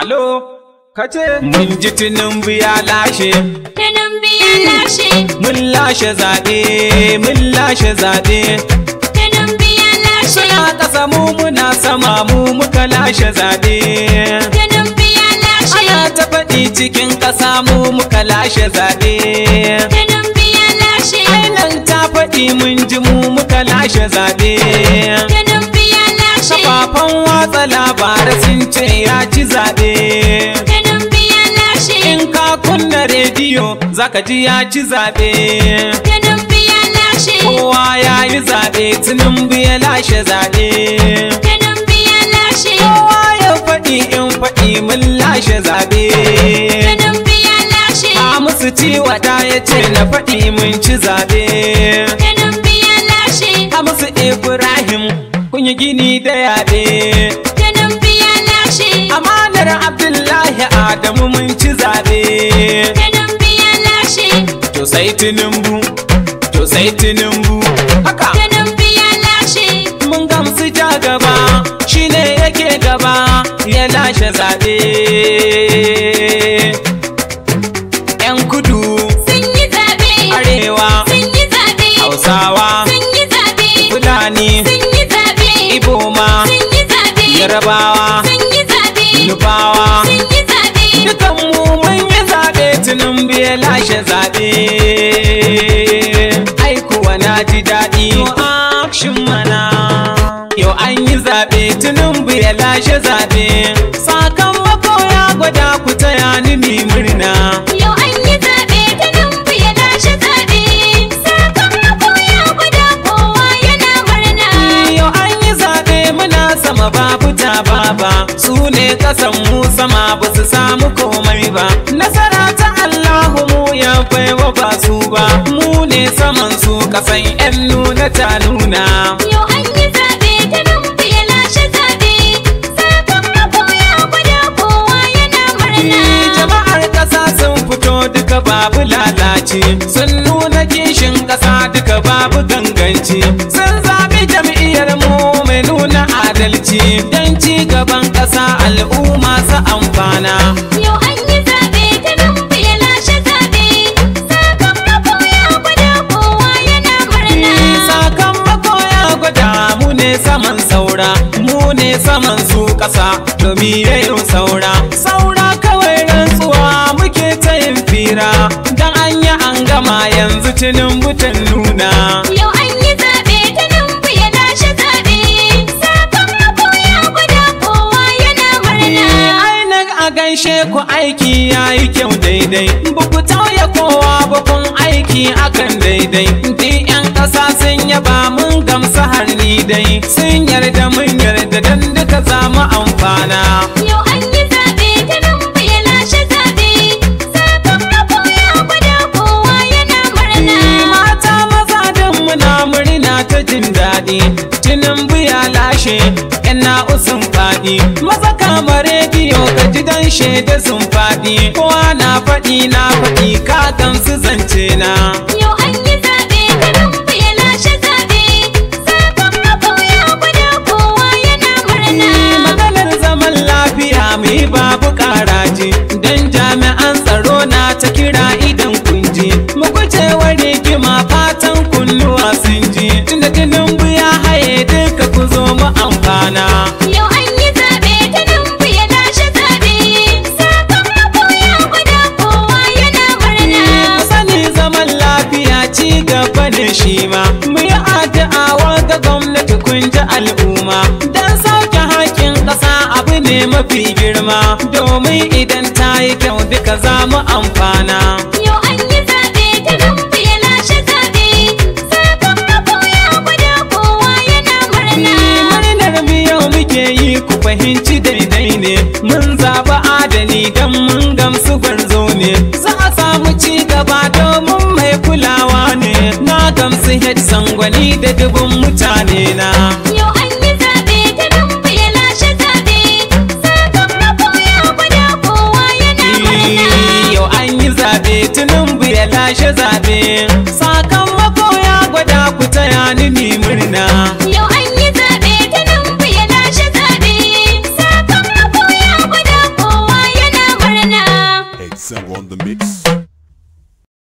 Alo, kace mun ji Tinubu ya lashe. Tinubu ya lashe. Mun lashe zaɓe, mun lashe zaɓe. Tinubu ya lashe. Suna ƙasa mu muna sama mu muka lashe zaɓe. Tinubu ya lashe. Ana ta faɗi cikin ƙasa mu muka lashe zaɓe. Tinubu ya lashe. Ainan ta faɗi mun ji mu muka lashe zaɓe. shafafan watsa labarai sun ce ya ci zaɓe lashe. in ka kunna rediyo zaka ji ya ci zaɓe lashe. kowa ya yi zaɓe tinubu ya lashe zaɓe kowa ya faɗi in faɗi mun lashe zaɓe lashe. musu ciwata ya ce na faɗi mun ci zaɓe gini da yaɗe. Ganin biya lashe. Amanar Abdullahi Adamu mun ci zaɓe. Ganin biya lashe. To sai Tinubu, to sai Tinubu. Haka. Ganin biya lashe. Mun gamsu ja gaba, shine yake gaba, ya lashe zaɓe. yarabawa nufawa dukan mu mun yi zaɓe tunan biya lashe zaɓe aikuwa na ji daɗi action mana yau an yi zaɓe tunan biya lashe zaɓe sakamako ya gwada ku taya ni murna yau zaɓe zaɓe sakamako ya gwada kowa yana murna yau zaɓe muna sama baba baba su ne kasan mu sama ba su samu komai ba nasara ta Allahu mu ya baiwa ba su ba mu ne saman su kasan yan nuna ta nuna ya eh, babu lalace sun nuna kishin kasa duka babu ganganci sun adalci ci gaban ƙasa al'umma su amfana. Yau an yi zaɓe ta nan ya lashe zaɓe, sakamako ya gwada kowa yana murna. Sakamako ya gwada mu ne saman saura, mu ne saman su ƙasa, domin yayin saura. Saura kawai rantsuwa muke ta fira, don anyi an gama yanzu tunin butan nuna. gaishe ku aiki ya yi kyau daidai Buku ku tauye kowa bukun aiki akan daidai duk yan ƙasa sun yaba mun gamsa har ni dai sun yarda mun yarda don duka za amfana yau an yi zaɓe kowa yana eh, mata maza don munamurina ta jin daɗi tunan ya lashe yan usun faɗi maza kamare shaida sun faɗi kowa na faɗi na faɗi ka gamsu zance na yau an yi zaɓe kanin ku ya lashe zaɓe sakamakon ya gwada kowa yana murna matsalar zaman lafiya mai ba. al'umma mu yi addu'awa ga gwamnati kun ji al'umma dan sauke haƙƙin ƙasa abu ne mafi girma domin idan ta yi kyau duka za amfana yau an yi zaɓe ta gambe na shi zaɓe sabon abu ya guda kowa yana murna murnar mu yau muke yi ku fahimci daidai ne mun zaɓi adani dan mun Hassan Head Sangwani da dubun mutane na. Yau an yi zaɓe ta dumbu ya lashe zaɓe, sakamakon ya gwada kowa yana murna. Yau an yi zaɓe tunumbu ya lashe zaɓe, sakamakon ya gwada ku ta yanini murna.